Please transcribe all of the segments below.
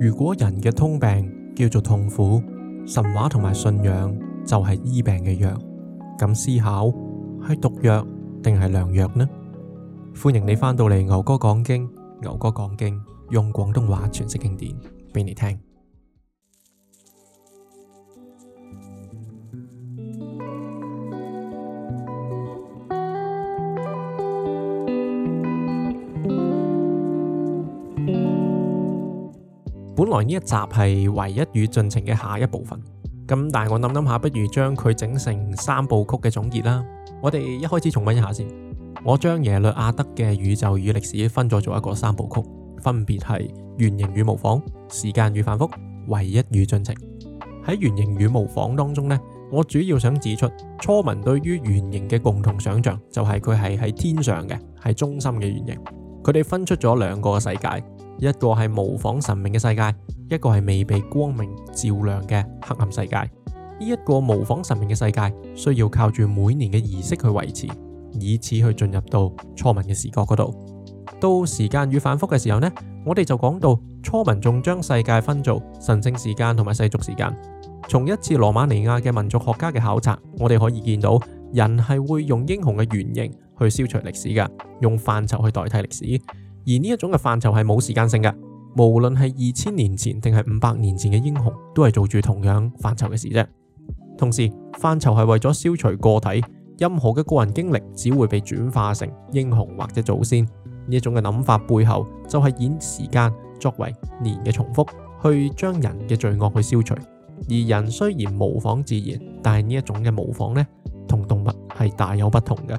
如果人嘅通病叫做痛苦，神話同埋信仰就係醫病嘅藥。咁思考，係毒藥定係良藥呢？歡迎你返到嚟，牛哥講經，牛哥講經，用廣東話詮釋經典俾你聽。本來呢一集係唯一與進程嘅下一部分，咁但係我諗諗下，不如將佢整成三部曲嘅總結啦。我哋一開始重温一下先。我將耶律亞德嘅宇宙與歷史分咗做一個三部曲，分別係原型與模仿、時間與反覆、唯一與進程。喺原型與模仿當中呢，我主要想指出初民對於原型嘅共同想象就係佢係喺天上嘅，係中心嘅原型。佢哋分出咗兩個世界。一個係模仿神明嘅世界，一個係未被光明照亮嘅黑暗世界。呢一個模仿神明嘅世界，需要靠住每年嘅儀式去維持，以此去進入到初民嘅視角嗰度。到時間與反覆嘅時候呢，我哋就講到初民仲將世界分做神聖時間同埋世俗時間。從一次羅馬尼亞嘅民族學家嘅考察，我哋可以見到人係會用英雄嘅原型去消除歷史㗎，用範疇去代替歷史。而呢一種嘅範疇係冇時間性嘅，無論係二千年前定係五百年前嘅英雄，都係做住同樣範疇嘅事啫。同時，範疇係為咗消除個體，任何嘅個人經歷只會被轉化成英雄或者祖先。呢一種嘅諗法背後，就係以時間作為年嘅重複，去將人嘅罪惡去消除。而人雖然模仿自然，但係呢一種嘅模仿呢，同動物係大有不同嘅。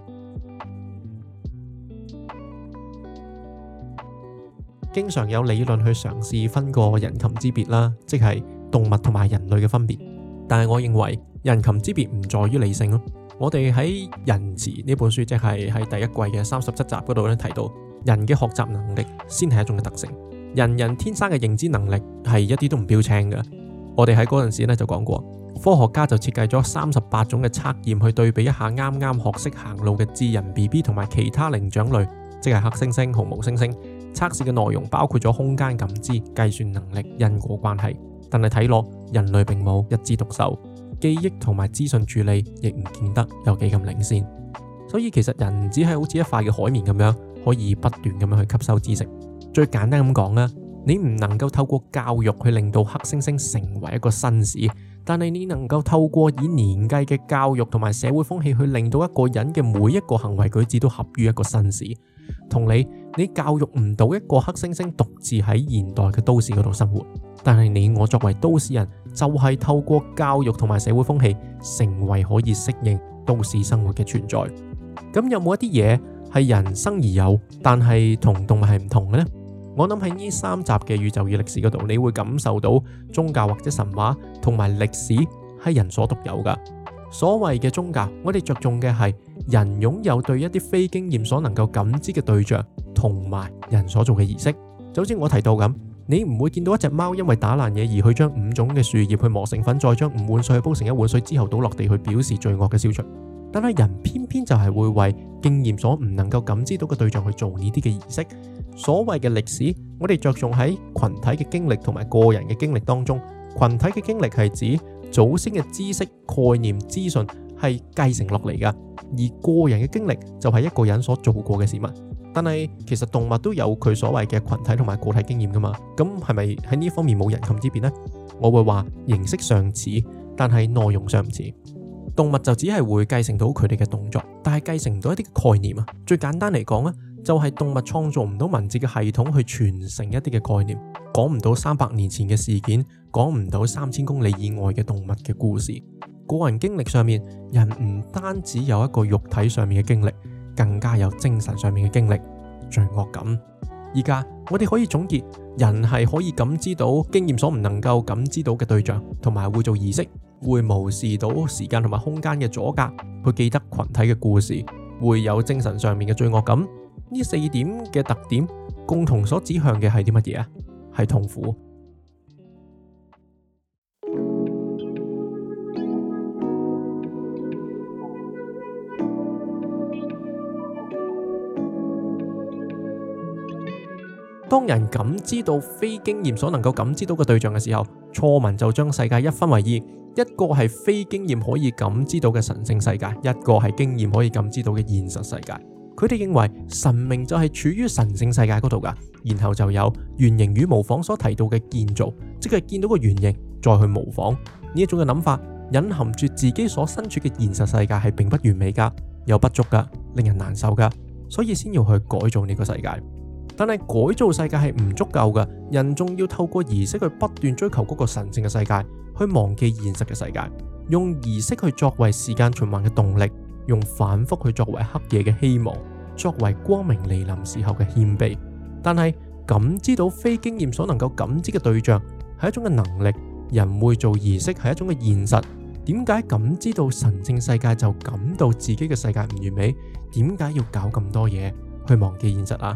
經常有理論去嘗試分過人禽之別啦，即係動物同埋人類嘅分別。但係我認為人禽之別唔在於理性咯。我哋喺《仁慈》呢本書，即係喺第一季嘅三十七集嗰度咧，提到，人嘅學習能力先係一種嘅特性。人人天生嘅認知能力係一啲都唔標青嘅。我哋喺嗰陣時咧，就講過，科學家就設計咗三十八種嘅測驗去對比一下啱啱學識行路嘅智人 BB 同埋其他靈長類，即係黑猩猩、紅毛猩猩。測試嘅內容包括咗空間感知、計算能力、因果關係，但係睇落人類並冇一枝獨秀，記憶同埋資訊處理亦唔見得有幾咁領先。所以其實人只係好似一塊嘅海綿咁樣，可以不斷咁樣去吸收知識。最簡單咁講啊，你唔能夠透過教育去令到黑猩猩成為一個紳士，但係你能夠透過以年計嘅教育同埋社會風氣去令到一個人嘅每一個行為舉止都合於一個紳士。同理，你教育唔到一個黑猩猩獨自喺現代嘅都市嗰度生活。但係你我作為都市人，就係、是、透過教育同埋社會風氣，成為可以適應都市生活嘅存在。咁有冇一啲嘢係人生而有，但係同動物係唔同嘅呢？我諗喺呢三集嘅宇宙與歷史嗰度，你會感受到宗教或者神話同埋歷史係人所獨有噶。所謂嘅宗教，我哋着重嘅係。人擁有對一啲非經驗所能夠感知嘅對象，同埋人所做嘅儀式。就好似我提到咁，你唔會見到一隻貓因為打爛嘢而去將五種嘅樹葉去磨成粉，再將五碗水煲成一碗水之後倒落地去表示罪惡嘅消除。但係人偏偏就係會為經驗所唔能夠感知到嘅對象去做呢啲嘅儀式。所謂嘅歷史，我哋着重喺羣體嘅經歷同埋個人嘅經歷當中。羣體嘅經歷係指祖先嘅知識、概念、資訊，係繼承落嚟噶，而個人嘅經歷就係一個人所做過嘅事物。但係其實動物都有佢所謂嘅群體同埋個體經驗噶嘛，咁係咪喺呢方面冇人禽之別呢？我會話形式上似，但係內容上唔似。動物就只係會繼承到佢哋嘅動作，但係繼承唔到一啲概念啊。最簡單嚟講咧，就係動物創造唔到文字嘅系統去傳承一啲嘅概念，講唔到三百年前嘅事件，講唔到三千公里以外嘅動物嘅故事。個人經歷上面，人唔單止有一個肉體上面嘅經歷，更加有精神上面嘅經歷，罪惡感。依家我哋可以總結，人係可以感知到經驗所唔能夠感知到嘅對象，同埋會做儀式，會無視到時間同埋空間嘅阻隔，去記得群體嘅故事，會有精神上面嘅罪惡感。呢四點嘅特點，共同所指向嘅係啲乜嘢啊？係痛苦。當人感知到非經驗所能夠感知到嘅對象嘅時候，初民就將世界一分為二，一個係非經驗可以感知到嘅神聖世界，一個係經驗可以感知到嘅現實世界。佢哋認為神明就係處於神聖世界嗰度噶，然後就有原型與模仿所提到嘅建造，即係見到個原型再去模仿呢一種嘅諗法，隱含住自己所身處嘅現實世界係並不完美噶，有不足噶，令人難受噶，所以先要去改造呢個世界。但係改造世界係唔足夠嘅，人仲要透過儀式去不斷追求嗰個神聖嘅世界，去忘記現實嘅世界，用儀式去作為時間循環嘅動力，用反復去作為黑夜嘅希望，作為光明來臨時候嘅謙卑。但係感知到非經驗所能夠感知嘅對象係一種嘅能力，人會做儀式係一種嘅現實。點解感知到神聖世界就感到自己嘅世界唔完美？點解要搞咁多嘢去忘記現實啊？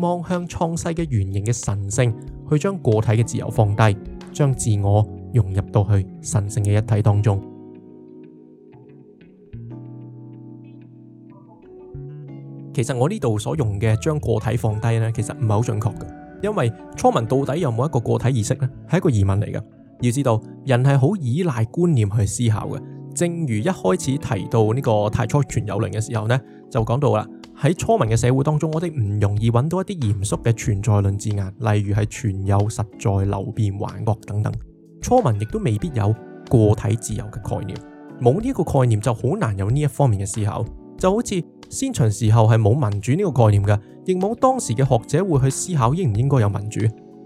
望向創世嘅原型嘅神聖，去將個體嘅自由放低，將自我融入到去神聖嘅一體當中。其實我呢度所用嘅將個體放低呢，其實唔係好準確嘅，因為初民到底有冇一個個體意識呢，係一個疑問嚟嘅。要知道，人係好依賴觀念去思考嘅。正如一開始提到呢個太初全有靈嘅時候呢，就講到啦。喺初民嘅社會當中，我哋唔容易揾到一啲嚴肅嘅存在論字眼，例如係存有實在、流變幻覺等等。初民亦都未必有個體自由嘅概念，冇呢一個概念就好難有呢一方面嘅思考。就好似先秦時候係冇民主呢個概念嘅，亦冇當時嘅學者會去思考應唔應該有民主。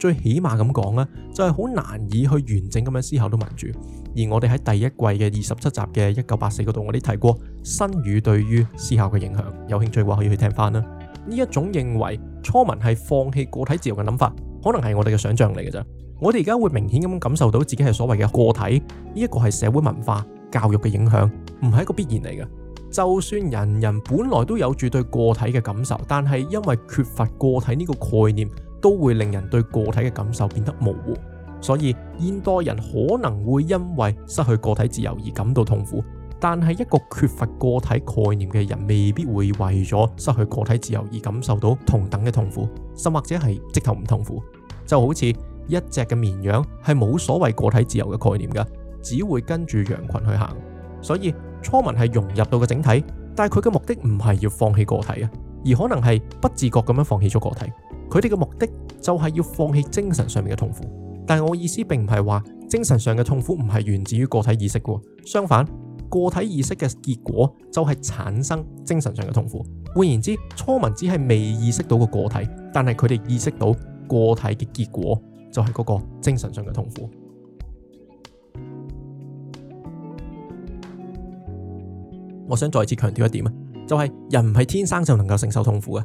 最起碼咁講啊，就係好難以去完整咁樣思考到民主。而我哋喺第一季嘅二十七集嘅一九八四嗰度，我哋提過新語對於思考嘅影響。有興趣嘅話，可以去聽翻啦。呢一種認為初民係放棄個體自由嘅諗法，可能係我哋嘅想象嚟嘅啫。我哋而家會明顯咁感受到自己係所謂嘅個體，呢一個係社會文化教育嘅影響，唔係一個必然嚟嘅。就算人人本來都有住對個體嘅感受，但係因為缺乏個體呢個概念。都會令人對個體嘅感受變得模糊，所以現代人可能會因為失去個體自由而感到痛苦。但係一個缺乏個體概念嘅人，未必會為咗失去個體自由而感受到同等嘅痛苦，甚或者係即頭唔痛苦。就好似一隻嘅綿羊係冇所謂個體自由嘅概念㗎，只會跟住羊群去行。所以初民係融入到個整體，但係佢嘅目的唔係要放棄個體啊，而可能係不自覺咁樣放棄咗個體。佢哋嘅目的就係要放棄精神上面嘅痛苦，但係我意思並唔係話精神上嘅痛苦唔係源自於個體意識嘅。相反，個體意識嘅結果就係產生精神上嘅痛苦。換言之，初民只係未意識到個個體，但係佢哋意識到個體嘅結果就係嗰個精神上嘅痛苦。 我想再次強調一點啊，就係、是、人唔係天生就能夠承受痛苦嘅。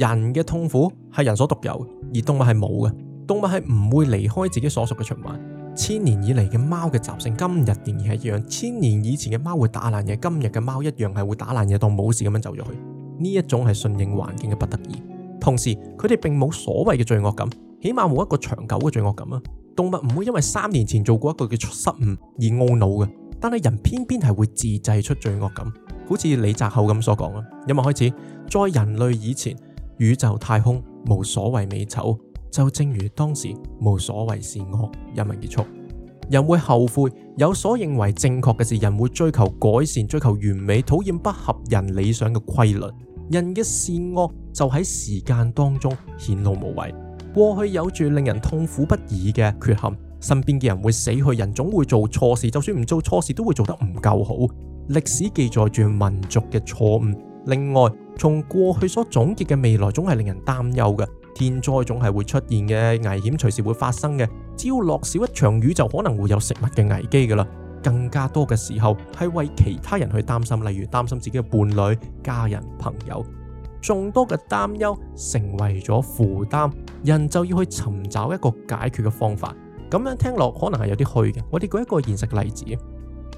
人嘅痛苦係人所獨有，而動物係冇嘅。動物係唔會離開自己所屬嘅循環。千年以嚟嘅貓嘅習性，今日仍然係一樣。千年以前嘅貓會打爛嘢，今日嘅貓一樣係會打爛嘢，當冇事咁樣走咗去。呢一種係順應環境嘅不得已。同時，佢哋並冇所謂嘅罪惡感，起碼冇一個長久嘅罪惡感啊。動物唔會因為三年前做過一個嘅失誤而懊惱嘅，但係人偏偏係會自製出罪惡感，好似李澤厚咁所講啊。因為開始，在人類以前。宇宙太空無所謂美醜，就正如當時無所謂善惡。一文結束，人會後悔，有所認為正確嘅事，人會追求改善，追求完美，討厭不合人理想嘅規律。人嘅善惡就喺時間當中顯露無遺。過去有住令人痛苦不已嘅缺陷，身邊嘅人會死去，人總會做錯事，就算唔做錯事都會做得唔夠好。歷史記載住民族嘅錯誤。另外。從過去所總結嘅未來總係令人擔憂嘅，天災總係會出現嘅，危險隨時會發生嘅。只要落少一場雨就可能會有食物嘅危機噶啦。更加多嘅時候係為其他人去擔心，例如擔心自己嘅伴侶、家人、朋友，眾多嘅擔憂成為咗負擔，人就要去尋找一個解決嘅方法。咁樣聽落可能係有啲虛嘅。我哋舉一個現實嘅例子，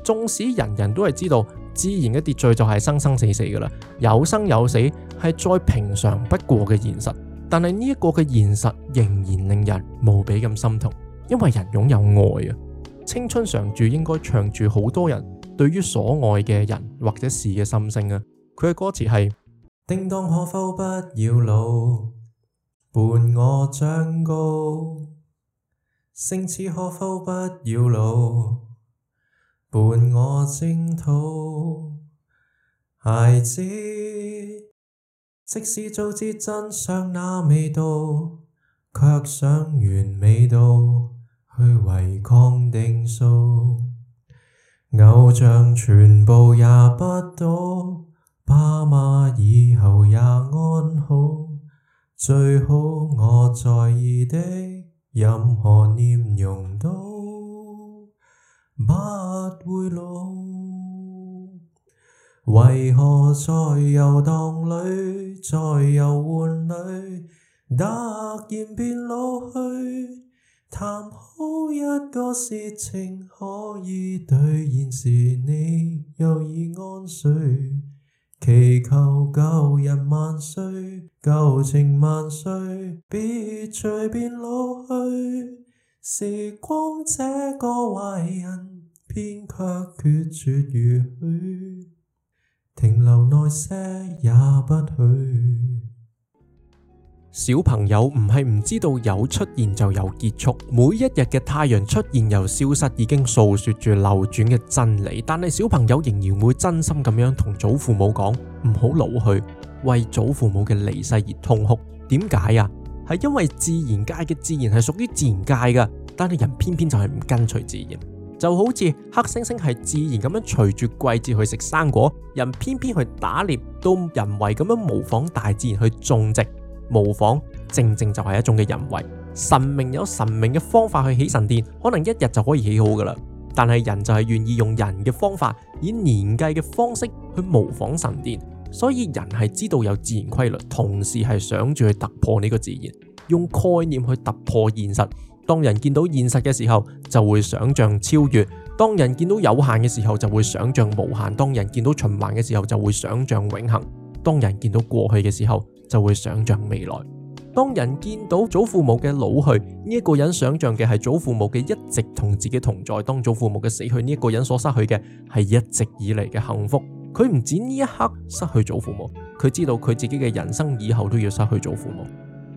縱使人人都係知道。自然嘅秩序就係生生死死噶啦，有生有死係再平常不過嘅現實。但係呢一個嘅現實仍然令人無比咁心痛，因為人擁有愛啊。青春常駐應該唱住好多人對於所愛嘅人或者事嘅心聲啊。佢嘅歌詞係：叮當可否不要老，伴我長高；星矢可否不要老。伴我征途，孩子，即使早知真相那味道，卻想完美到去違抗定數，偶像全部也不倒，爸媽以後也安好，最好我在意的任何面容都不會老，為何在遊蕩裏，在遊玩裏，突然變老去？談好一個事情可以兌現時，你又已安睡。祈求舊人萬歲，舊情萬歲，別隨便老去。時光這個壞人。偏決絕如停留些也不去。小朋友唔係唔知道有出現就有結束，每一日嘅太陽出現又消失，已經訴說住流轉嘅真理。但係小朋友仍然會真心咁樣同祖父母講唔好老去，為祖父母嘅離世而痛哭。點解啊？係因為自然界嘅自然係屬於自然界噶，但係人偏偏就係唔跟隨自然。就好似黑猩猩係自然咁樣隨住季節去食生果，人偏偏去打獵，到人為咁樣模仿大自然去種植，模仿正正就係一種嘅人為。神明有神明嘅方法去起神殿，可能一日就可以起好㗎喇。但係人就係願意用人嘅方法，以年計嘅方式去模仿神殿，所以人係知道有自然規律，同時係想住去突破呢個自然，用概念去突破現實。當人見到現實嘅時候，就會想象超越；當人見到有限嘅時候，就會想象無限；當人見到循環嘅時候，就會想象永恆；當人見到過去嘅時候，就會想象未來；當人見到祖父母嘅老去，呢一個人想象嘅係祖父母嘅一直同自己同在；當祖父母嘅死去，呢一個人所失去嘅係一直以嚟嘅幸福。佢唔止呢一刻失去祖父母，佢知道佢自己嘅人生以後都要失去祖父母。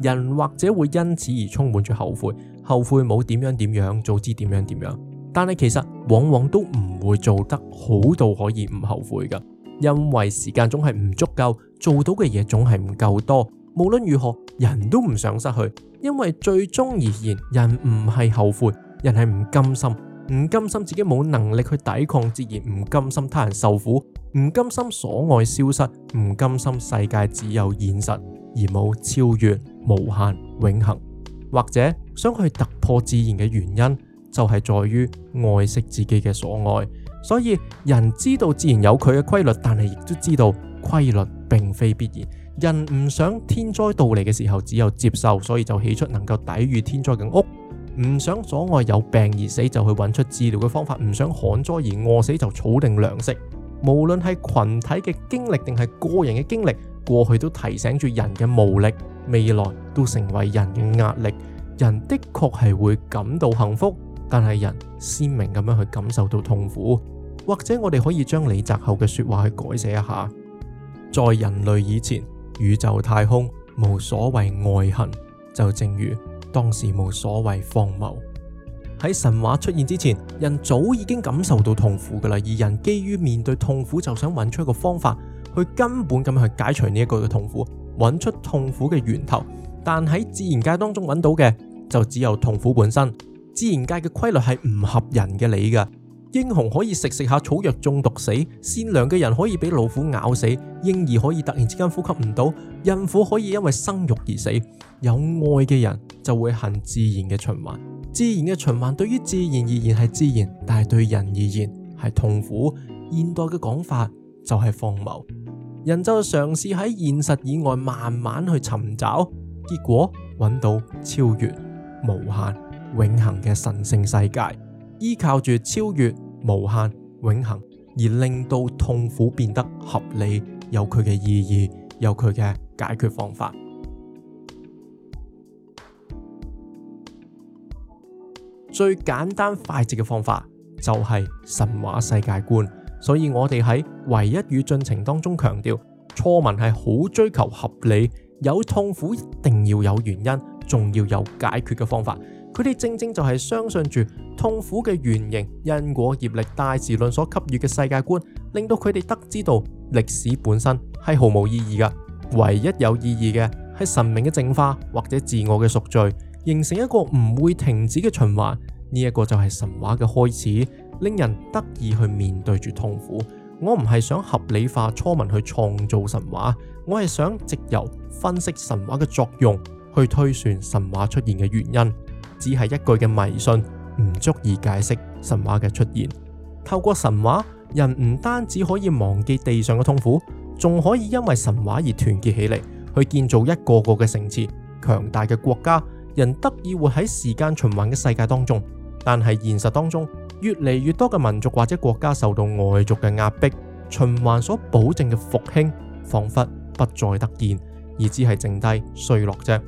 人或者會因此而充滿住後悔。後悔冇點樣點樣，早知點樣點樣。但係其實往往都唔會做得好到可以唔後悔噶，因為時間總係唔足夠，做到嘅嘢總係唔夠多。無論如何，人都唔想失去，因為最終而言，人唔係後悔，人係唔甘心，唔甘心自己冇能力去抵抗，自然唔甘心他人受苦，唔甘心所愛消失，唔甘心世界只有現實而冇超越、無限、永恆。或者想去突破自然嘅原因，就係在於愛惜自己嘅所愛。所以人知道自然有佢嘅規律，但係亦都知道規律並非必然。人唔想天災到嚟嘅時候，只有接受，所以就起出能夠抵禦天災嘅屋。唔想所愛有病而死，就去揾出治療嘅方法。唔想旱災而餓死，就儲定糧食。無論係群體嘅經歷定係個人嘅經歷。過去都提醒住人嘅無力，未來都成為人嘅壓力。人的確係會感到幸福，但係人鮮明咁樣去感受到痛苦。或者我哋可以將李澤厚嘅說話去改寫一下：在人類以前，宇宙太空無所謂外行，就正如當時無所謂荒謬。喺神話出現之前，人早已經感受到痛苦噶啦，而人基於面對痛苦，就想揾出一個方法。佢根本咁樣去解除呢一個嘅痛苦，揾出痛苦嘅源頭。但喺自然界當中揾到嘅就只有痛苦本身。自然界嘅規律係唔合人嘅理㗎。英雄可以食食下草藥中毒死，善良嘅人可以俾老虎咬死，嬰兒可以突然之間呼吸唔到，孕婦可以因為生育而死。有愛嘅人就會恨自然嘅循環，自然嘅循環對於自然而言係自然，但係對人而言係痛苦。現代嘅講法就係荒謬。人就嘗試喺現實以外慢慢去尋找，結果揾到超越無限永恆嘅神聖世界，依靠住超越無限永恆而令到痛苦變得合理，有佢嘅意義，有佢嘅解決方法。最簡單快捷嘅方法就係神話世界觀。所以我哋喺唯一與進程當中強調，初民係好追求合理，有痛苦一定要有原因，仲要有解決嘅方法。佢哋正正就係相信住痛苦嘅原型、因果業力大自論所給予嘅世界觀，令到佢哋得知道歷史本身係毫無意義嘅，唯一有意義嘅係神明嘅淨化或者自我嘅贖罪，形成一個唔會停止嘅循環。呢一個就係神話嘅開始，令人得以去面對住痛苦。我唔係想合理化初民去創造神話，我係想藉由分析神話嘅作用去推算神話出現嘅原因。只係一句嘅迷信唔足以解釋神話嘅出現。透過神話，人唔單止可以忘記地上嘅痛苦，仲可以因為神話而團結起嚟，去建造一個個嘅城池，強大嘅國家。人得以活喺時間循環嘅世界當中。但係現實當中，越嚟越多嘅民族或者國家受到外族嘅壓迫，循環所保證嘅復興仿佛不再得見，而只係剩低衰落啫。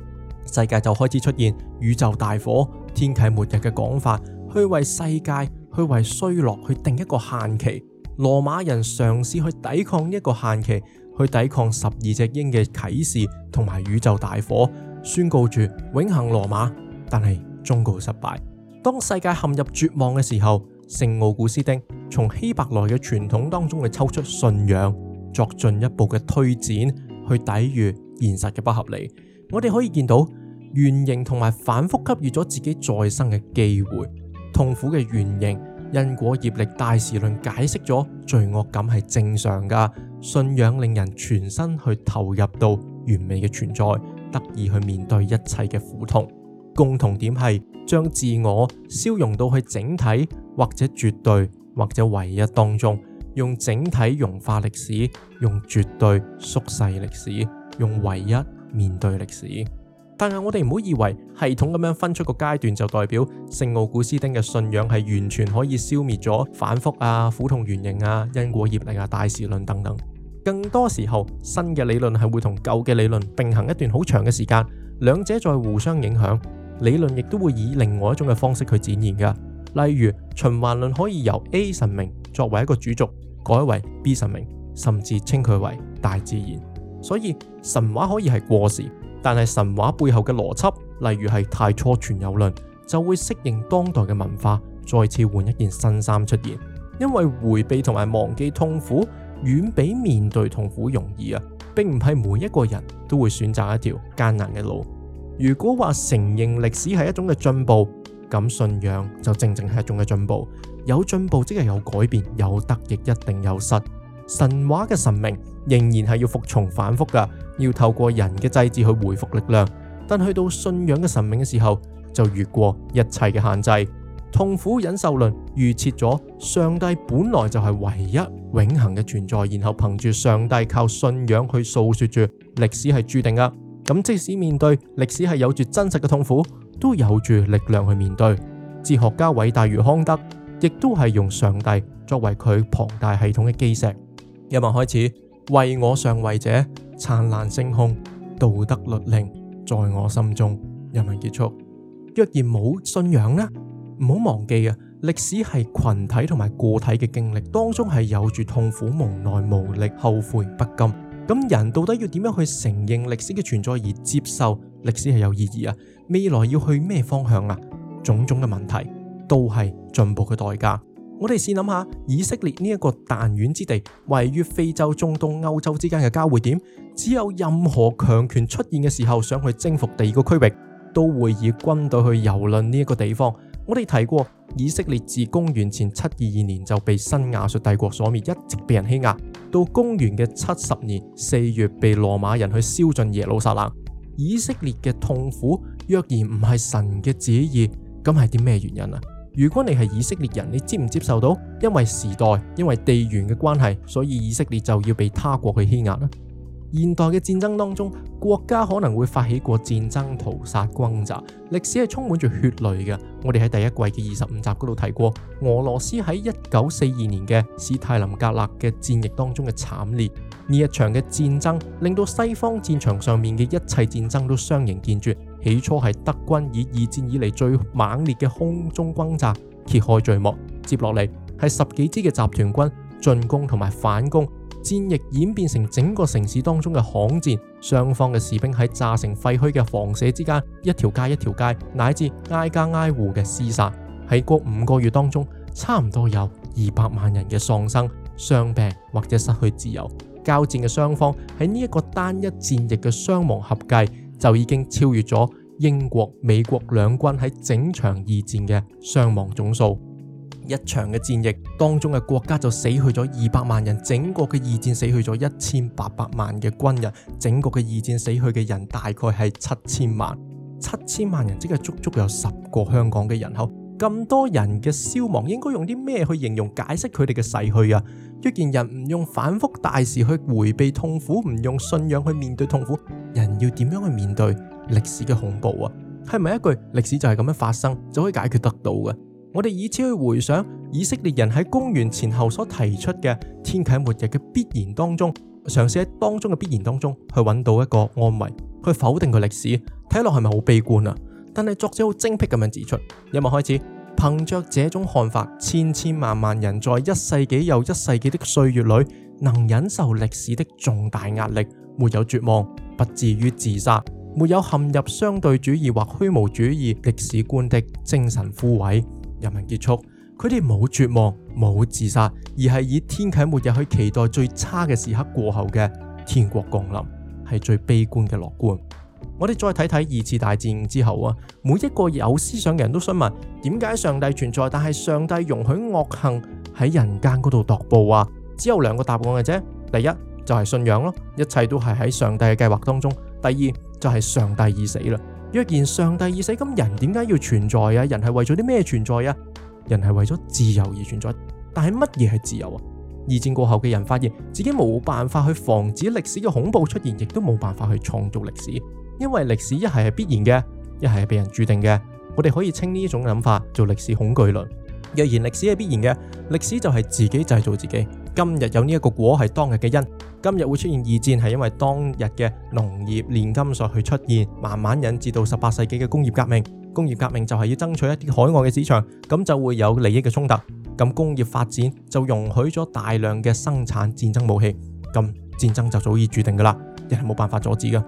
世界就開始出現宇宙大火、天啟末日嘅講法，去為世界、去為衰落去定一個限期。羅馬人嘗試去抵抗呢一個限期，去抵抗十二隻鷹嘅啟示同埋宇宙大火，宣告住永恒羅馬，但係終告失敗。當世界陷入絕望嘅時候，聖奧古斯丁從希伯來嘅傳統當中會抽出信仰，作進一步嘅推展，去抵禦現實嘅不合理。我哋可以見到原型同埋反復給予咗自己再生嘅機會，痛苦嘅原型因果業力大時論解釋咗罪惡感係正常噶，信仰令人全身去投入到完美嘅存在，得以去面對一切嘅苦痛。共同點係。將自我消融到去整體，或者絕對，或者唯一當中，用整體融化歷史，用絕對縮細歷史，用唯一面對歷史。但係我哋唔好以為系統噉樣分出個階段就代表，聖奧古斯丁嘅信仰係完全可以消滅咗反覆啊，苦痛原形啊，因果業力啊，大事論等等。更多時候，新嘅理論係會同舊嘅理論並行一段好長嘅時間，兩者再互相影響。理論亦都會以另外一種嘅方式去展現㗎，例如循環論可以由 A 神明作為一個主軸改為 B 神明，甚至稱佢為大自然。所以神話可以係過時，但係神話背後嘅邏輯，例如係太初全有論，就會適應當代嘅文化，再次換一件新衫出現。因為回避同埋忘記痛苦，遠比面對痛苦容易啊，並唔係每一個人都會選擇一條艱難嘅路。如果話承認歷史係一種嘅進步，咁信仰就正正係一種嘅進步。有進步即係有改變，有得亦一定有失。神話嘅神明仍然係要服從反覆嘅，要透過人嘅祭祀去回復力量。但去到信仰嘅神明嘅時候，就越過一切嘅限制。痛苦忍受論預設咗上帝本來就係唯一永恒嘅存在，然後憑住上帝靠信仰去訴說住歷史係注定噶。咁即使面對歷史係有住真實嘅痛苦，都有住力量去面對。哲學家偉大如康德，亦都係用上帝作為佢龐大系統嘅基石。一文開始，為我上位者，燦爛星空，道德律令在我心中。一文結束。若然冇信仰咧，唔好忘記啊！歷史係群體同埋個體嘅經歷當中係有住痛苦、無奈、無力、後悔不、不甘。咁人到底要點樣去承認歷史嘅存在，而接受歷史係有意義啊？未來要去咩方向啊？種種嘅問題都係進步嘅代價。我哋試諗下，以色列呢一個彈丸之地，位於非洲、中東、歐洲之間嘅交匯點，只有任何強權出現嘅時候，想去征服第二個區域，都會以軍隊去蹂躪呢一個地方。我哋提過，以色列自公元前七二二年就被新亞述帝國所滅，一直被人欺壓。到公元嘅七十年四月，被羅馬人去燒盡耶路撒冷。以色列嘅痛苦，若然唔係神嘅旨意，咁係啲咩原因啊？如果你係以色列人，你接唔接受到？因為時代，因為地緣嘅關係，所以以色列就要被他國去欺壓啦。現代嘅戰爭當中，國家可能會發起過戰爭、屠殺、轟炸，歷史係充滿住血淚嘅。我哋喺第一季嘅二十五集嗰度提過，俄羅斯喺一九四二年嘅史泰林格勒嘅戰役當中嘅慘烈。呢一場嘅戰爭令到西方戰場上面嘅一切戰爭都相形見絀。起初係德軍以二戰以嚟最猛烈嘅空中轟炸揭開序幕，接落嚟係十幾支嘅集團軍進攻同埋反攻。戰役演變成整個城市當中嘅巷戰，雙方嘅士兵喺炸成廢墟嘅房舍之間，一條街一條街，乃至挨家挨戶嘅厮殺。喺過五個月當中，差唔多有二百萬人嘅喪生、傷病或者失去自由。交戰嘅雙方喺呢一個單一戰役嘅傷亡合計，就已經超越咗英國、美國兩軍喺整場二戰嘅傷亡總數。一場嘅戰役當中嘅國家就死去咗二百萬人，整個嘅二戰死去咗一千八百萬嘅軍人，整個嘅二戰死去嘅人大概係七千萬，七千萬人即係足足有十個香港嘅人口，咁多人嘅消亡應該用啲咩去形容解釋佢哋嘅逝去啊？若然人唔用反覆大事去回避痛苦，唔用信仰去面對痛苦，人要點樣去面對歷史嘅恐怖啊？係咪一句歷史就係咁樣發生就可以解決得到嘅？我哋以此去回想以色列人喺公元前後所提出嘅天啟末日嘅必然當中，嘗試喺當中嘅必然當中去揾到一個安慰，去否定佢歷史，睇落係咪好悲觀啊？但係作者好精闢咁樣指出：因為開始，憑着這種看法，千千萬萬人在一世紀又一世紀的歲月裏，能忍受歷史的重大壓力，沒有絕望，不至於自殺，沒有陷入相對主義或虛無主義歷史觀的精神枯萎。人民結束，佢哋冇絕望，冇自殺，而係以天啟末日去期待最差嘅時刻過後嘅天國降臨，係最悲觀嘅樂觀。我哋再睇睇二次大戰之後啊，每一個有思想嘅人都想問，點解上帝存在，但係上帝容許惡行喺人間嗰度踱步啊？只有兩個答案嘅啫。第一就係信仰咯，一切都係喺上帝嘅計劃當中。第二就係上帝已死啦。若然上帝已死，咁人點解要存在啊？人係為咗啲咩存在啊？人係為咗自由而存在。但係乜嘢係自由啊？二戰過後嘅人發現自己冇辦法去防止歷史嘅恐怖出現，亦都冇辦法去創造歷史，因為歷史一係係必然嘅，一係係被人注定嘅。我哋可以稱呢一種諗法做歷史恐懼論。若然歷史係必然嘅，歷史就係自己製造自己。今日有呢一個果係當日嘅因，今日會出現二戰，係因為當日嘅農業煉金術去出現，慢慢引致到十八世紀嘅工業革命。工業革命就係要爭取一啲海外嘅市場，咁就會有利益嘅衝突。咁工業發展就容許咗大量嘅生產戰爭武器，咁戰爭就早已注定噶啦，亦係冇辦法阻止噶。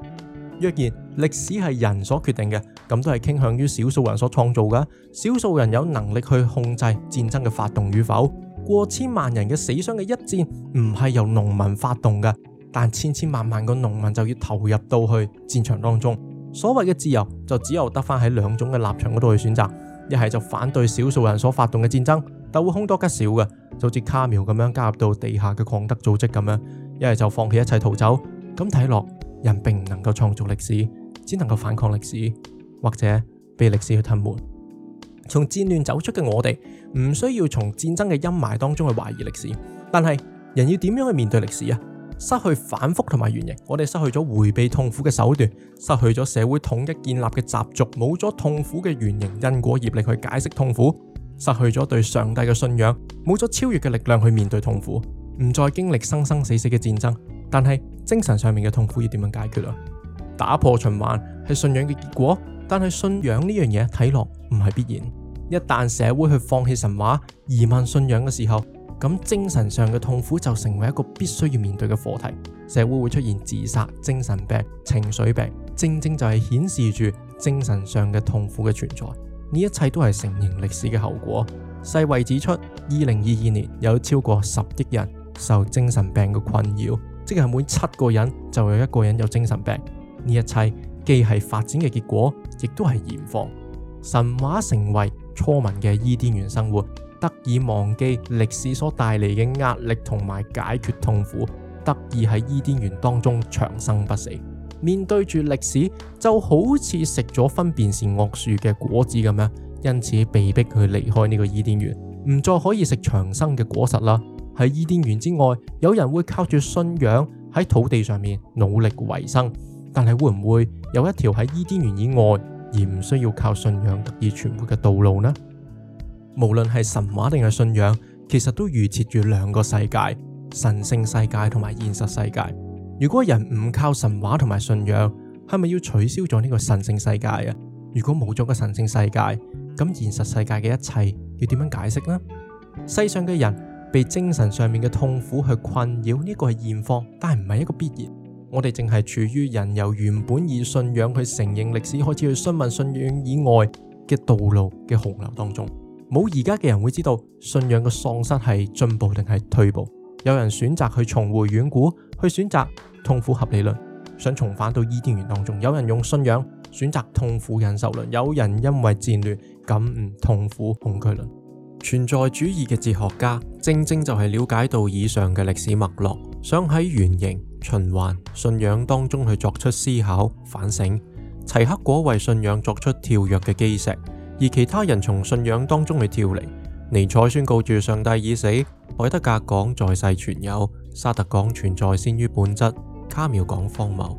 若然歷史係人所決定嘅，咁都係傾向於少數人所創造噶，少數人有能力去控制戰爭嘅發動與否。過千萬人嘅死傷嘅一戰唔係由農民發動嘅，但千千萬萬個農民就要投入到去戰場當中。所謂嘅自由就只有得返喺兩種嘅立場嗰度去選擇，一係就反對少數人所發動嘅戰爭，但會凶多吉少嘅，就好似卡繆咁樣加入到地下嘅抗德組織咁樣，一係就放棄一切逃走。咁睇落，人並唔能夠創造歷史，只能夠反抗歷史，或者被歷史去吞沒。從戰亂走出嘅我哋，唔需要從戰爭嘅陰霾當中去懷疑歷史，但係人要點樣去面對歷史啊？失去反復同埋原型，我哋失去咗回避痛苦嘅手段，失去咗社會統一建立嘅習俗，冇咗痛苦嘅原型。因果業力去解釋痛苦，失去咗對上帝嘅信仰，冇咗超越嘅力量去面對痛苦，唔再經歷生生死死嘅戰爭，但係精神上面嘅痛苦要點樣解決啊？打破循環係信仰嘅結果，但係信仰呢樣嘢睇落唔係必然。一旦社會去放棄神話、疑問、信仰嘅時候，咁精神上嘅痛苦就成為一個必須要面對嘅課題。社會會出現自殺、精神病、情緒病，正正就係顯示住精神上嘅痛苦嘅存在。呢一切都係承認歷史嘅後果。世衛指出，二零二二年有超過十億人受精神病嘅困擾，即係每七個人就有一個人有精神病。呢一切既係發展嘅結果，亦都係嚴防。神話成為。初民嘅伊甸園生活，得以忘記歷史所帶嚟嘅壓力同埋解決痛苦，得以喺伊甸園當中長生不死。面對住歷史，就好似食咗分辨善惡樹嘅果子咁樣，因此被逼去離開呢個伊甸園，唔再可以食長生嘅果實啦。喺伊甸園之外，有人會靠住信仰喺土地上面努力維生，但係會唔會有一條喺伊甸園以外？而唔需要靠信仰得以存活嘅道路呢？無論係神話定係信仰，其實都預設住兩個世界：神聖世界同埋現實世界。如果人唔靠神話同埋信仰，係咪要取消咗呢個神聖世界啊？如果冇咗個神聖世界，咁現實世界嘅一切要點樣解釋呢？世上嘅人被精神上面嘅痛苦去困擾，呢個係現況，但係唔係一個必然。我哋淨係處於人由原本以信仰去承認歷史，開始去詢問信仰以外嘅道路嘅洪流當中。冇而家嘅人會知道信仰嘅喪失係進步定係退步。有人選擇去重回遠古，去選擇痛苦合理論，想重返到伊甸園當中。有人用信仰選擇痛苦忍受論，有人因為戰亂感悟痛苦恐懼論。存在主義嘅哲學家正正就係了解到以上嘅歷史脈絡，想喺原型。循環信仰當中去作出思考反省，齊克果為信仰作出跳躍嘅基石，而其他人從信仰當中去跳離。尼采宣告住上帝已死，海德格講在世存有，沙特講存在先於本質，卡繆講荒謬。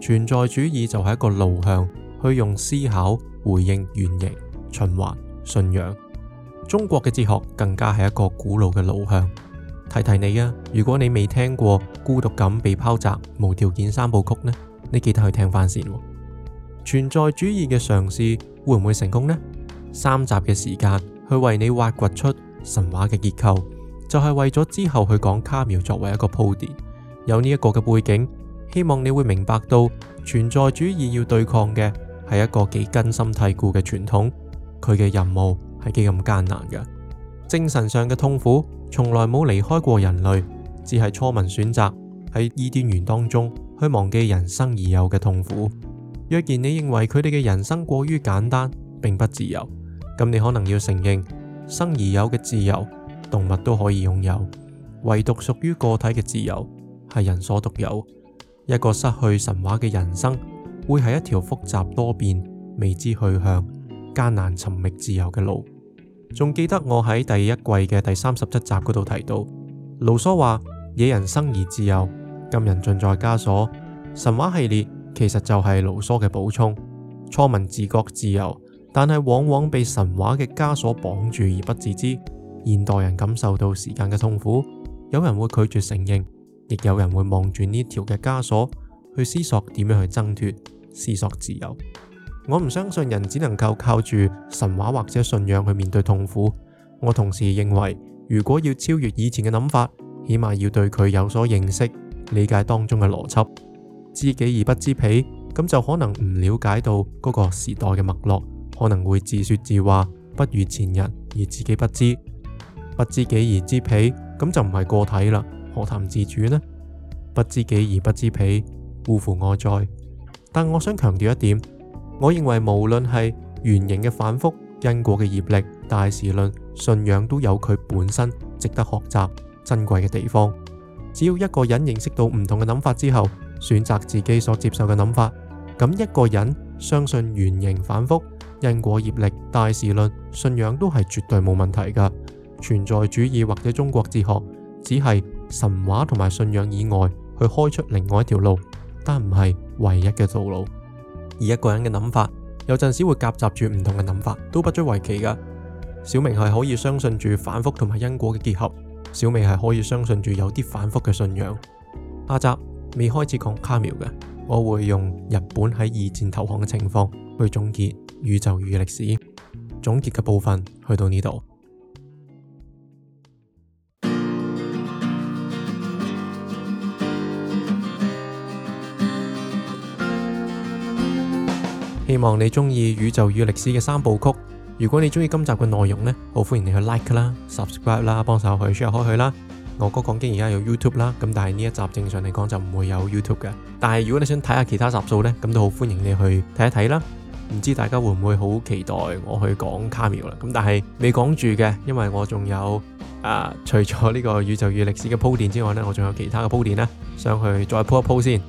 存在主義就係一個路向，去用思考回應原型循環信仰。中國嘅哲學更加係一個古老嘅路向。提提你啊！如果你未聽過孤獨感被拋擲、無條件三部曲呢，你記得去聽翻先、哦。存在主義嘅嘗試會唔會成功呢？三集嘅時間去為你挖掘出神話嘅結構，就係、是、為咗之後去講卡繆作為一個鋪墊。有呢一個嘅背景，希望你會明白到存在主義要對抗嘅係一個幾根深蒂固嘅傳統，佢嘅任務係幾咁艱難嘅，精神上嘅痛苦。從來冇離開過人類，只係初民選擇喺伊甸園當中去忘記人生而有嘅痛苦。若然你認為佢哋嘅人生過於簡單，並不自由，咁你可能要承認，生而有嘅自由，動物都可以擁有，唯獨屬於個體嘅自由，係人所獨有。一個失去神話嘅人生，會係一條複雜多變、未知去向、艱難尋覓自由嘅路。仲記得我喺第一季嘅第三十七集嗰度提到，盧梭話：野人生而自由，今人盡在枷鎖。神話系列其實就係盧梭嘅補充。初民自覺自由，但係往往被神話嘅枷鎖綁住而不自知。現代人感受到時間嘅痛苦，有人會拒絕承認，亦有人會望住呢條嘅枷鎖去思索點樣去掙脫，思索自由。我唔相信人只能夠靠住神話或者信仰去面對痛苦。我同時認為，如果要超越以前嘅諗法，起碼要對佢有所認識、理解當中嘅邏輯。知己而不知彼，咁就可能唔了解到嗰個時代嘅脈絡，可能會自說自話，不如前人而自己不知；不知己而知彼，咁就唔係個體啦，何談自主呢？不知己而不知彼，辜乎外在。但我想強調一點。我認為無論係圓形嘅反覆、因果嘅業力、大時論、信仰都有佢本身值得學習珍貴嘅地方。只要一個人認識到唔同嘅諗法之後，選擇自己所接受嘅諗法，咁一個人相信圓形反覆、因果業力、大時論、信仰都係絕對冇問題嘅。存在主義或者中國哲學，只係神話同埋信仰以外去開出另外一條路，但唔係唯一嘅道路。而一個人嘅諗法，有陣時會夾雜住唔同嘅諗法，都不足為奇㗎。小明係可以相信住反覆同埋因果嘅結合，小明係可以相信住有啲反覆嘅信仰。下集未開始講卡繆嘅，我會用日本喺二戰投降嘅情況去總結宇宙與歷史。總結嘅部分去到呢度。希望你中意《宇宙與歷史》嘅三部曲。如果你中意今集嘅內容呢，好歡迎你去 like 啦、subscribe 啦，幫手去 share 開去啦。我哥講經而家有 YouTube 啦，咁但係呢一集正常嚟講就唔會有 YouTube 嘅。但係如果你想睇下其他集數呢，咁都好歡迎你去睇一睇啦。唔知大家會唔會好期待我去講卡繆啦？咁但係未講住嘅，因為我仲有啊，除咗呢個《宇宙與歷史》嘅鋪墊之外呢，我仲有其他嘅鋪墊咧，想去再鋪一鋪先。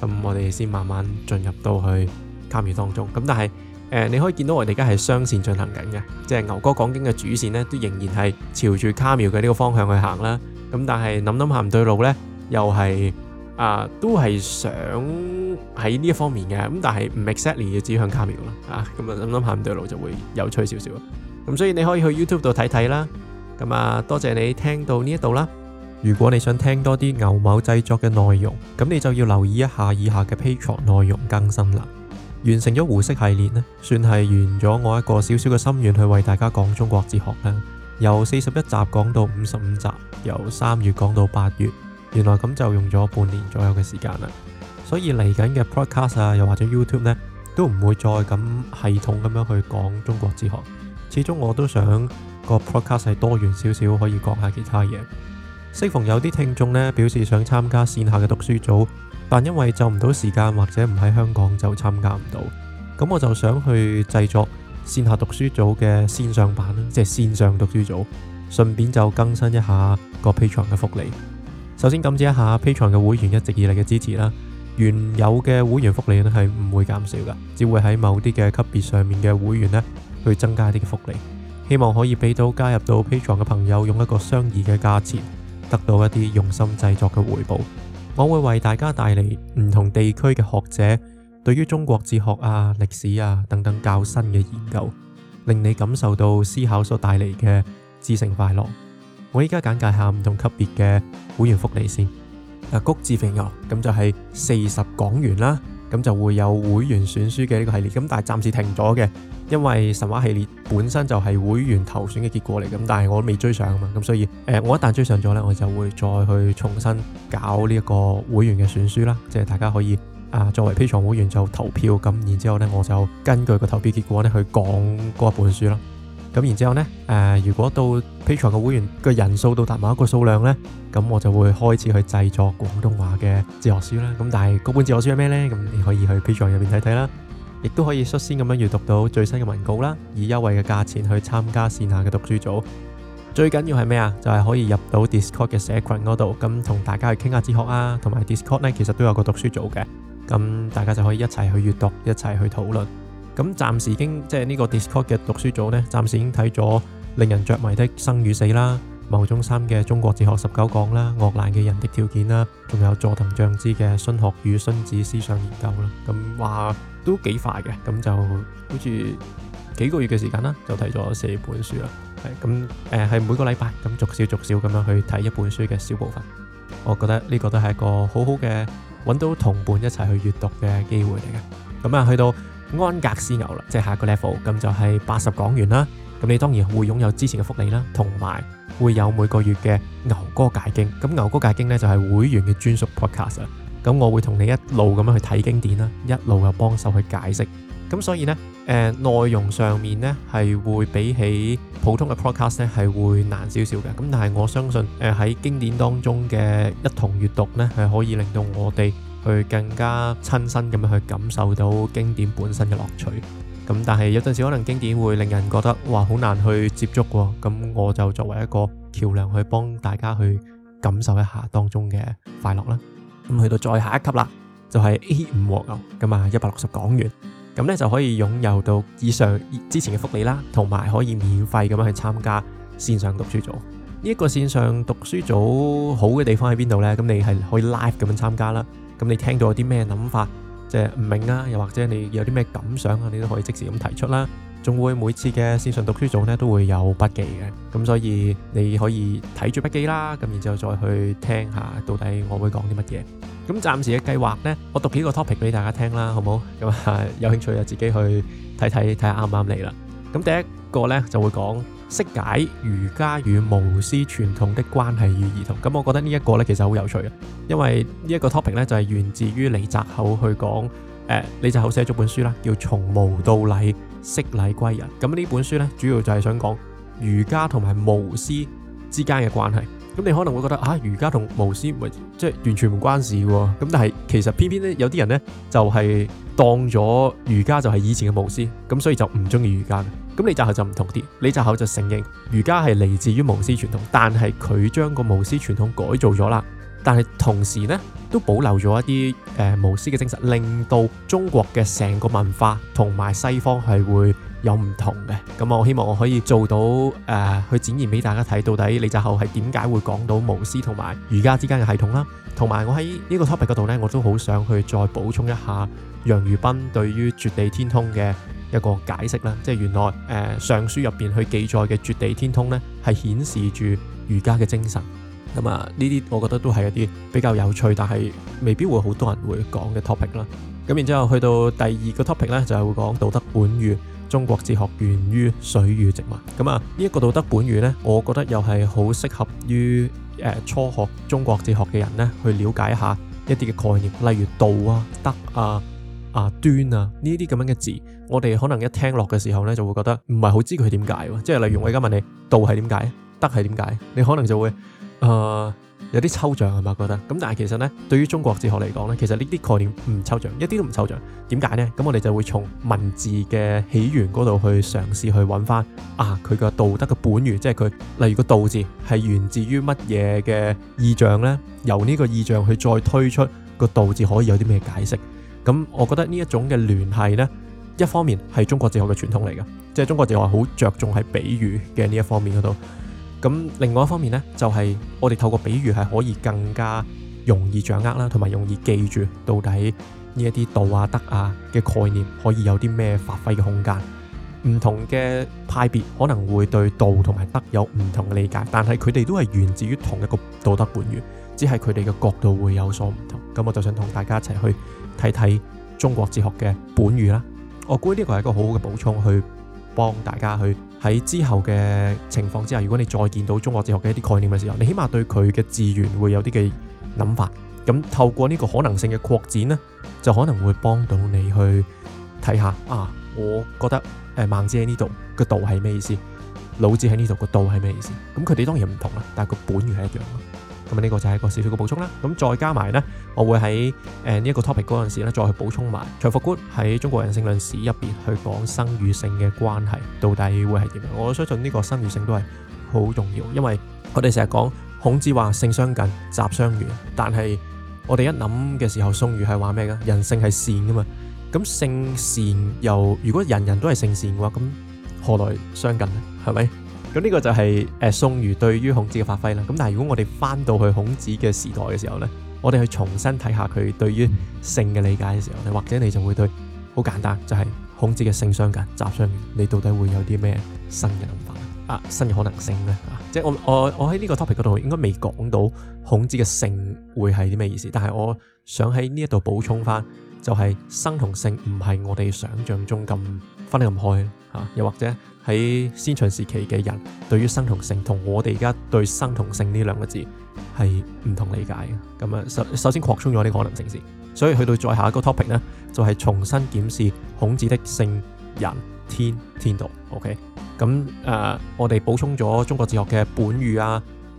咁我哋先慢慢進入到去。卡妙當中咁，但係誒你可以見到我哋而家係雙線進行緊嘅，即係牛哥講經嘅主線咧，都仍然係朝住卡妙嘅呢個方向去行啦。咁但係諗諗下唔對路咧，又係啊都係想喺呢一方面嘅，咁但係唔 exactly 要指向卡妙咯啊。咁啊諗諗下唔對路就會有趣少少。咁所以你可以去 YouTube 度睇睇啦。咁啊多謝你聽到呢一度啦。如果你想聽多啲牛某製作嘅內容，咁你就要留意一下以下嘅 Patreon 內容更新啦。完成咗胡適系列呢，算係完咗我一個小小嘅心願，去為大家講中國哲學啦。由四十一集講到五十五集，由三月講到八月，原來咁就用咗半年左右嘅時間啦。所以嚟緊嘅 podcast 啊，又或者 YouTube 呢，都唔會再咁系統咁樣去講中國哲學。始終我都想個 podcast 係多元少少，可以講下其他嘢。適逢有啲聽眾呢，表示想參加綫下嘅讀書組。但因為就唔到時間或者唔喺香港就參加唔到，咁我就想去製作線下讀書組嘅線上版，即係線上讀書組，順便就更新一下個 Patreon 嘅福利。首先感謝一下 Patreon 嘅會員一直以嚟嘅支持啦，原有嘅會員福利呢係唔會減少㗎，只會喺某啲嘅級別上面嘅會員呢去增加一啲嘅福利。希望可以俾到加入到 Patreon 嘅朋友用一個相宜嘅價錢得到一啲用心製作嘅回報。我會為大家帶嚟唔同地區嘅學者對於中國哲學啊、歷史啊等等較新嘅研究，令你感受到思考所帶嚟嘅知性快樂。我依家簡介下唔同級別嘅會員福利先。啊，谷至肥牛咁就係四十港元啦。咁就會有會員選書嘅呢個系列，咁但係暫時停咗嘅，因為神話系列本身就係會員投選嘅結果嚟，咁但係我都未追上啊嘛，咁所以誒、呃，我一旦追上咗呢，我就會再去重新搞呢一個會員嘅選書啦，即係大家可以啊作為 Patreon、er、會員就投票，咁然之後呢，我就根據個投票結果呢去講嗰一本書啦。咁然之後呢，誒如果到 Patreon 嘅會員嘅人數到達某一個數量呢，咁我就會開始去製作廣東話嘅哲學書啦。咁但係嗰本哲學書係咩呢？咁你可以去 Patreon 入面睇睇啦，亦都可以率先咁樣閲讀到最新嘅文稿啦，以優惠嘅價錢去參加線下嘅讀書組。最緊要係咩啊？就係可以入到 Discord 嘅社群嗰度，咁同大家去傾下哲學啊，同埋 Discord 呢其實都有個讀書組嘅，咁大家就可以一齊去閲讀，一齊去討論。咁暫時已經即係呢個 Discord 嘅讀書組呢，暫時已經睇咗令人著迷的生與死啦，牟宗三嘅《中國哲學十九講》啦，《鄂蘭嘅人的條件》啦，仲有佐藤將之嘅《荀學與荀子思想研究》啦。咁話都幾快嘅，咁就好似幾個月嘅時間啦，就睇咗四本書啦。係咁誒，係每個禮拜咁逐少逐少咁樣去睇一本書嘅小部分。我覺得呢個都係一個好好嘅揾到同伴一齊去閱讀嘅機會嚟嘅。咁啊，去到。安格斯牛啦，即係下一個 level，咁就係八十港元啦。咁你當然會擁有之前嘅福利啦，同埋會有每個月嘅牛哥解經。咁牛哥解經呢就係會員嘅專屬 podcast 啊。咁我會同你一路咁樣去睇經典啦，一路又幫手去解釋。咁所以呢，誒內容上面呢係會比起普通嘅 podcast 呢係會難少少嘅。咁但係我相信，誒喺經典當中嘅一同閱讀呢係可以令到我哋。去更加親身咁樣去感受到經典本身嘅樂趣，咁但係有陣時可能經典會令人覺得哇好難去接觸喎，咁我就作為一個橋梁去幫大家去感受一下當中嘅快樂啦。咁去到再下一級啦，就係 A 五和牛，咁啊一百六十港元，咁咧就可以擁有到以上之前嘅福利啦，同埋可以免費咁樣去參加線上讀書組。呢一個線上讀書組好嘅地方喺邊度咧？咁你係可以 live 咁樣參加啦。咁你聽到有啲咩諗法，即係唔明啊，又或者你有啲咩感想啊，你都可以即時咁提出啦。仲會每次嘅線上讀書組呢，都會有筆記嘅，咁所以你可以睇住筆記啦，咁然之後再去聽下到底我會講啲乜嘢。咁暫時嘅計劃呢，我讀幾個 topic 俾大家聽啦，好唔好？咁啊，有興趣就自己去睇睇睇下啱唔啱你啦。咁第一個呢就會講。釋解儒家與巫師傳統的關係與異同。咁我覺得呢一個呢，其實好有趣嘅，因為呢一個 topic 呢，就係源自於李澤厚去講，誒、呃，李澤厚寫咗本書啦，叫《從巫到禮：釋禮歸人》。咁呢本書呢，主要就係想講儒家同埋巫師之間嘅關係。咁你可能會覺得啊，儒家同巫師即係、就是、完全唔關事喎、啊。咁但係其實偏偏呢，有啲人呢，就係當咗儒家就係以前嘅巫師，咁所以就唔中意儒家。咁李澤厚就唔同啲，李澤厚就承認儒家係嚟自於巫師傳統，但係佢將個巫師傳統改造咗啦。但係同時咧，都保留咗一啲誒巫師嘅精神，令到中國嘅成個文化同埋西方係會有唔同嘅。咁我希望我可以做到誒去展現俾大家睇，到底李澤厚係點解會講到巫師同埋儒家之間嘅系統啦。同埋我喺呢個 topic 嗰度咧，我都好想去再補充一下楊儒賓對於絕地天通嘅一個解釋啦，即係原來誒《尚、呃、書》入邊去記載嘅絕地天通呢係顯示住儒家嘅精神。咁、嗯、啊，呢啲我覺得都係一啲比較有趣，但係未必會好多人會講嘅 topic 啦。咁然之後去到第二個 topic 呢，就係會講道德本源。中國哲學源於水與植物。咁、嗯、啊，呢、這、一個道德本源呢，我覺得又係好適合於誒、呃、初學中國哲學嘅人呢去了解一下一啲嘅概念，例如道啊、德啊、啊端啊呢啲咁樣嘅字。我哋可能一聽落嘅時候咧，就會覺得唔係好知佢點解，即係例如我而家問你道係點解，德係點解，你可能就會誒有啲抽象係嘛？覺得咁，但係其實咧，對於中國哲學嚟講咧，其實呢啲概念唔抽象，一啲都唔抽象。點解咧？咁我哋就會從文字嘅起源嗰度去嘗試去揾翻啊佢個道德嘅本源，即係佢例如個道字係源自於乜嘢嘅意象咧？由呢個意象去再推出個道字可以有啲咩解釋？咁我覺得呢一種嘅聯繫咧。一方面係中國哲學嘅傳統嚟嘅，即係中國哲學好着重喺比喻嘅呢一方面嗰度。咁另外一方面呢，就係、係、我哋透過比喻係可以更加容易掌握啦，同埋容易記住到底呢一啲道啊德啊嘅概念可以有啲咩發揮嘅空間。嗯。唔同嘅派別可能會對道同埋德有唔同嘅理解，但係佢哋都係源自於同一個道德本源，只係佢哋嘅角度會有所唔同。咁我就想同大家一齊去睇睇中國哲學嘅本源啦。我估呢個係一個好好嘅補充，去幫大家去喺之後嘅情況之下，如果你再見到中國哲學嘅一啲概念嘅時候，你起碼對佢嘅字源會有啲嘅諗法。咁透過呢個可能性嘅擴展呢，就可能會幫到你去睇下啊。我覺得誒孟子喺呢度個道係咩意思？老子喺呢度個道係咩意思？咁佢哋當然唔同啦，但係個本源係一樣。咁呢個就係個少少嘅補充啦。咁再加埋咧，我會喺誒呢一個 topic 嗰陣時咧，再去補充埋。徐復觀喺中國人性論史入邊去講生與性嘅關係，到底會係點樣？我相信呢個生與性都係好重要，因為我哋成日講孔子話性相近，習相遠。但係我哋一諗嘅時候，宋儒係話咩嘅？人性係善噶嘛？咁性善又如果人人都係性善嘅話，咁何來相近咧？係咪？咁呢個就係誒，宋儒對於孔子嘅發揮啦。咁但係如果我哋翻到去孔子嘅時代嘅時候咧，我哋去重新睇下佢對於性嘅理解嘅時候咧，或者你就會對好簡單，就係、是、孔子嘅性相近，習相遠，你到底會有啲咩新嘅諗法啊？新嘅可能性咧？啊，即係我我我喺呢個 topic 嗰度應該未講到孔子嘅性會係啲咩意思，但係我想喺呢一度補充翻，就係、是、生同性唔係我哋想象中咁分得咁開吓、啊，又或者。喺先秦時期嘅人對於生同性同我哋而家對生同性呢兩個字係唔同理解嘅。咁啊，首首先擴充咗呢個可能性先。所以去到再下一個 topic 呢，就係重新檢視孔子的性、人、天、天道。OK，咁啊、呃，我哋補充咗中國哲學嘅本語啊、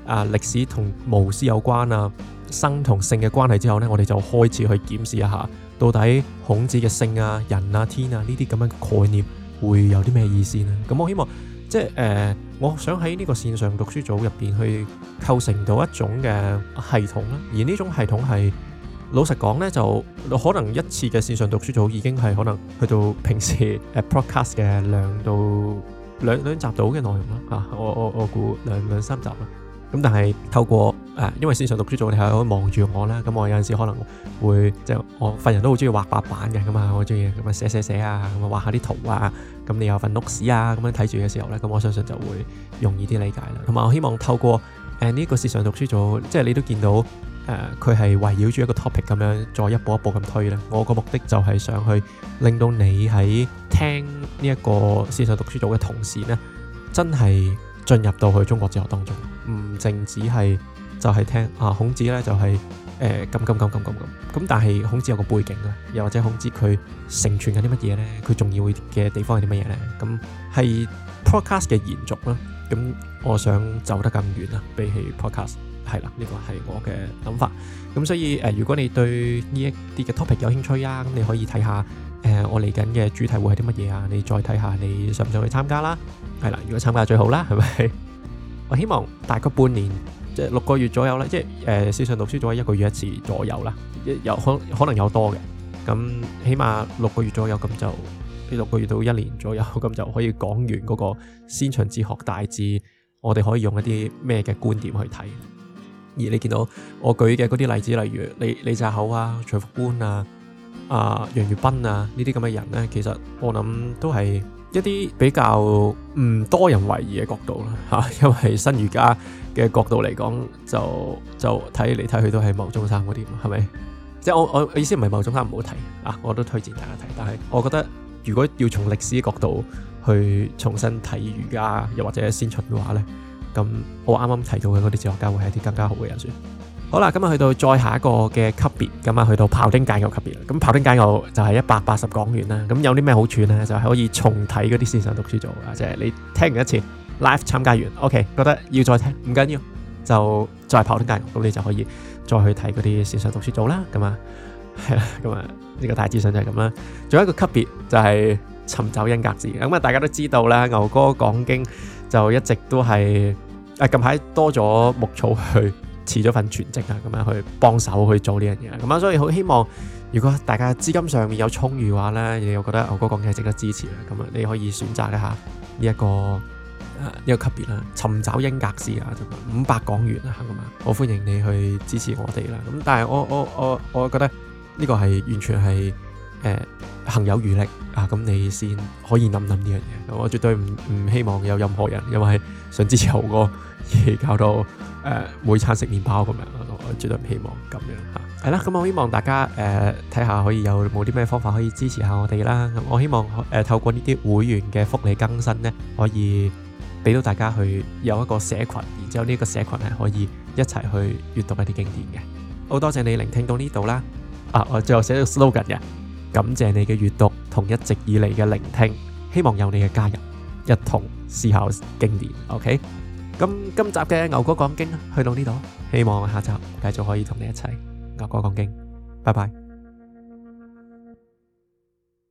啊、呃、歷史同巫師有關啊、生同性嘅關係之後呢，我哋就開始去檢視一下到底孔子嘅性啊、人啊、天啊呢啲咁樣嘅概念。會有啲咩意思呢？咁我希望即係誒，我想喺呢個線上讀書組入邊去構成到一種嘅系統啦。而呢種系統係老實講呢，就可能一次嘅線上讀書組已經係可能去到平時誒 podcast 嘅兩到兩兩集到嘅內容啦。嚇，我我我估兩兩三集啦。咁但係透過誒，因為線上讀書組你係可以望住我啦，咁我有陣時可能會即係我份人都好中意畫白板嘅咁啊，我中意咁啊寫寫寫啊，咁啊畫下啲圖啊，咁你有份 notes 啊，咁樣睇住嘅時候呢，咁我相信就會容易啲理解啦。同埋我希望透過誒呢一個線上讀書組，即係你都見到誒佢係圍繞住一個 topic 咁樣再一步一步咁推咧。我個目的就係想去令到你喺聽呢一個線上讀書組嘅同時呢，真係進入到去中國哲學當中，唔淨止係，就係聽啊，孔子咧就係誒咁咁咁咁咁咁，咁但係孔子有個背景啦，又或者孔子佢承傳緊啲乜嘢咧？佢重要嘅地方係啲乜嘢咧？咁係 podcast 嘅延續啦。咁我想走得更遠啦，比起 podcast 係啦，呢個係我嘅諗法。咁所以誒，如果你對呢一啲嘅 topic 有興趣啊，咁你可以睇下誒我嚟緊嘅主題會係啲乜嘢啊？你再睇下你想唔想去參加啦？係啦，如果參加最好啦，係咪？我希望大概半年。六個月左右啦，即係誒，線上讀書仲係一個月一次左右啦，有可可能有多嘅，咁起碼六個月左右，咁就呢六個月到一年左右，咁就可以講完嗰個先秦哲學大致，我哋可以用一啲咩嘅觀點去睇。而你見到我舉嘅嗰啲例子，例如李李澤厚啊、徐復觀啊、啊楊儒賓啊呢啲咁嘅人咧，其實我諗都係一啲比較唔多人懷疑嘅角度啦，吓、啊，因為新儒家。嘅角度嚟講，就就睇嚟睇去都係牟宗三嗰啲，係咪？即係我我,我意思唔係牟宗三，唔好睇啊，我都推薦大家睇。但係我覺得如果要從歷史角度去重新睇儒家，又或者先秦嘅話咧，咁我啱啱提到嘅嗰啲哲學家會係啲更加好嘅人選。好啦，今日去到再下一個嘅級別，今日去到庖丁解牛級別啦。咁庖丁解牛就係一百八十港元啦。咁有啲咩好處咧？就係可以重睇嗰啲線上讀書組，即係你聽完一次。Live 參加完，OK，覺得要再聽，唔緊要，就再跑啲大。咁你就可以再去睇嗰啲線上讀書組啦。咁啊，係啦，咁啊，呢個大致上就係咁啦。仲有一個級別就係尋找恩格字。咁啊，大家都知道啦，牛哥講經就一直都係啊，近排多咗木草去辭咗份全職啊，咁樣去幫手去做呢樣嘢。咁啊，所以好希望如果大家資金上面有充裕話咧，你又覺得牛哥講經係值得支持咧，咁啊，你可以選擇一下呢一個。一個級別啦，尋找英格斯啊，同埋五百港元啊，咁啊，我歡迎你去支持我哋啦。咁但係我我我我覺得呢個係完全係誒，行，呃、有餘力啊，咁你先可以諗諗呢樣嘢。我絕對唔唔希望有任何人因為想支持我個嘢搞到誒，呃，每餐食麵包咁樣。我絕對唔希望咁樣吓。係啦，咁我希望大家誒，睇下，呃、可以有冇啲咩方法可以支持下我哋啦。我希望誒，呃，透過呢啲會員嘅福利更新咧，可以。俾到大家去有一個社群，然之後呢個社群係可以一齊去閱讀一啲經典嘅。好多謝你聆聽到呢度啦，啊，我最後寫咗個 slogan 嘅，感謝你嘅閱讀同一直以嚟嘅聆聽，希望有你嘅加入，一同思考經典。OK，咁今集嘅牛哥講經啊，去到呢度，希望下集繼續可以同你一齊牛哥講經，拜拜。